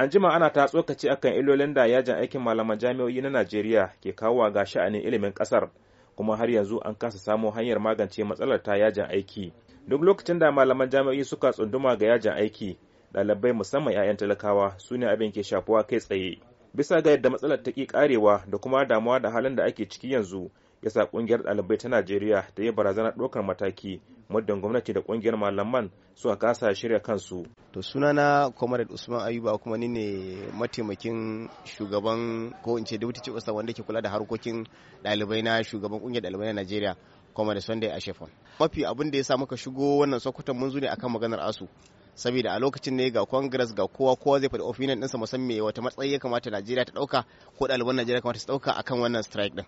an jima ana ta tsokaci akan ilolin da yajin aikin malaman jami'o'i na najeriya ke kawo ga sha'anin ilimin kasar kuma har yanzu an kasa samo hanyar magance matsalar ta yajin aiki duk lokacin da malaman jami'o'i suka tsunduma ga yajin aiki ɗalibai musamman 'ya'yan talakawa su ne abin ke shafuwa kai tsaye bisa ga yadda matsalar ta ƙi karewa da kuma damuwa da halin da ake ciki yanzu yasa ƙungiyar ɗalibai ta najeriya ta yi barazanar ɗaukar mataki muddin gwamnati da kungiyar malaman suka kasa shirya kansu to sunana comrade usman ayuba kuma ni ne mataimakin shugaban ko in ce deputy chief wanda ke kula da harkokin dalibai na shugaban kungiyar dalibai na najeriya comrade sunday ashefon mafi abin da ya sa muka shigo wannan sokoton mun zo ne akan maganar asu saboda a lokacin ne ga congress ga kowa kowa zai faɗi opinion ɗinsa musamman wata matsayi ya kamata najeriya ta ɗauka ko ɗaliban najeriya kamata su ɗauka akan wannan strike ɗin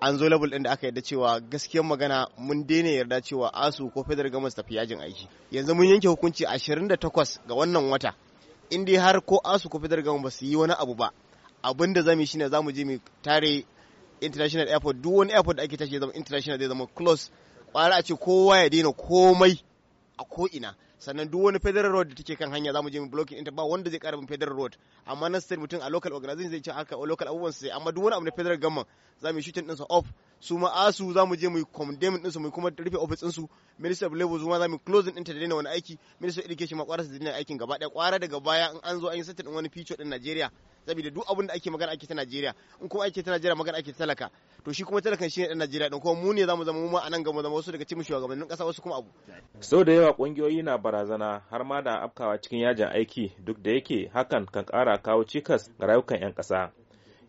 an zo level din da aka yarda cewa gaskiyar magana mun daina yarda cewa asu ko federal gamas tafi yajin aiki yanzu mun yanke hukunci 28 ga wannan wata inda har ko asu ko federal gamas ba su yi wani abu ba abin da zamu yi shine zamu je mu tare international airport duk wani airport da ake tashi zama international zai zama close kwara a ce kowa ya daina komai a ko ina sannan duk wani federal road da take kan hanya zamu je mu blocking ɗinta ba wanda zai ƙara mun federal road amma na state mutum a local organization zai ce haka a local abubuwan sai amma duk wani abu na federal government zamu shooting ɗinsa off su ma asu za mu je mu condemn din su mu kuma rufe office din su minister of labor zuwa za mu closing din ta da daina wani aiki minister of education ma kwara su daina aikin gaba daya kwara daga baya in an zo an yi setting wani feature din Najeriya saboda duk abin da ake magana ake ta Najeriya in kuma ake ta Najeriya magana ake talaka to shi kuma talakan shi ne dan Najeriya din kuma mu ne zamu zama mu ma anan gaba zama wasu daga cikin shugabannin kasa wasu kuma abu sau da yawa kungiyoyi na barazana har ma da afkawa cikin yajin aiki duk da yake hakan kan kara kawo cikas ga rayukan yan kasa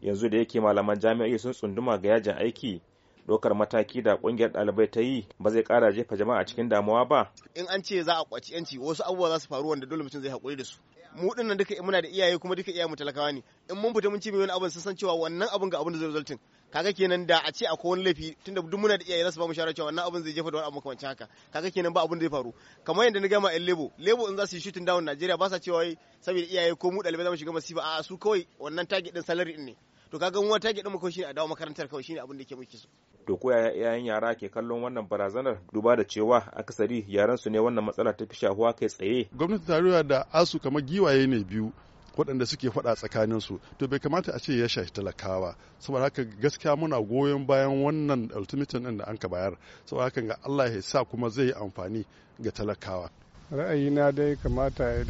yanzu da yake malaman jami'ai sun tsunduma ga yajin aiki dokar mataki da kungiyar dalibai ta yi ba zai kara jefa jama'a cikin damuwa ba in an ce za a kwaci yanci wasu abubuwa za su faru wanda dole mutum zai haƙuri da su mu dinnan duka muna da iyaye kuma duka iyaye mu talakawa ne in mun fita mun ci wani abin sun san cewa wannan abin ga abin da zai resulting kaga kenan da a ce akwai wani laifi tunda duk muna da iyaye za su ba mu shawara cewa wannan abin zai jefa da wani abu kamar haka kaga kenan ba abin da zai faru kamar yadda na gama yan lebo lebo in za su yi shooting down Najeriya ba sa cewa saboda iyaye ko mu dalibai za mu shiga masifa a su kawai wannan target din salary din ne to kaga mu target din mu kawai shine a dawo makarantar kawai shine abin da yake muke so to ko yayan yara ke kallon wannan barazanar duba da cewa akasari yaran su ne wannan matsala ta fi shahuwa kai tsaye gwamnati tarayya da asu kamar giwaye ne biyu waɗanda suke faɗa tsakanin su to bai kamata a ce ya shafi talakawa saboda haka gaskiya muna goyon bayan wannan ultimatum ɗin da an ka bayar saboda haka ga Allah ya sa kuma zai yi amfani ga talakawa ra'ayina dai kamata ya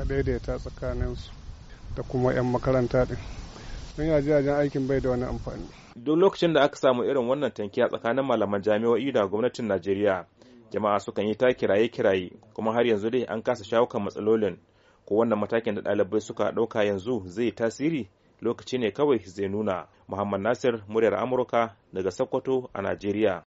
a daidaita tsakanin su da kuma 'yan makaranta ɗin don yana aikin bai da wani amfani duk lokacin da aka samu irin wannan tanki a tsakanin malaman jami'o'i da gwamnatin najeriya jama'a sukan yi ta kiraye kiraye kuma har yanzu dai an kasa shawo matsalolin ko wannan matakin da ɗalibai suka ɗauka yanzu zai tasiri lokaci ne kawai zai nuna muhammad nasir muryar amurka daga sokoto a najeriya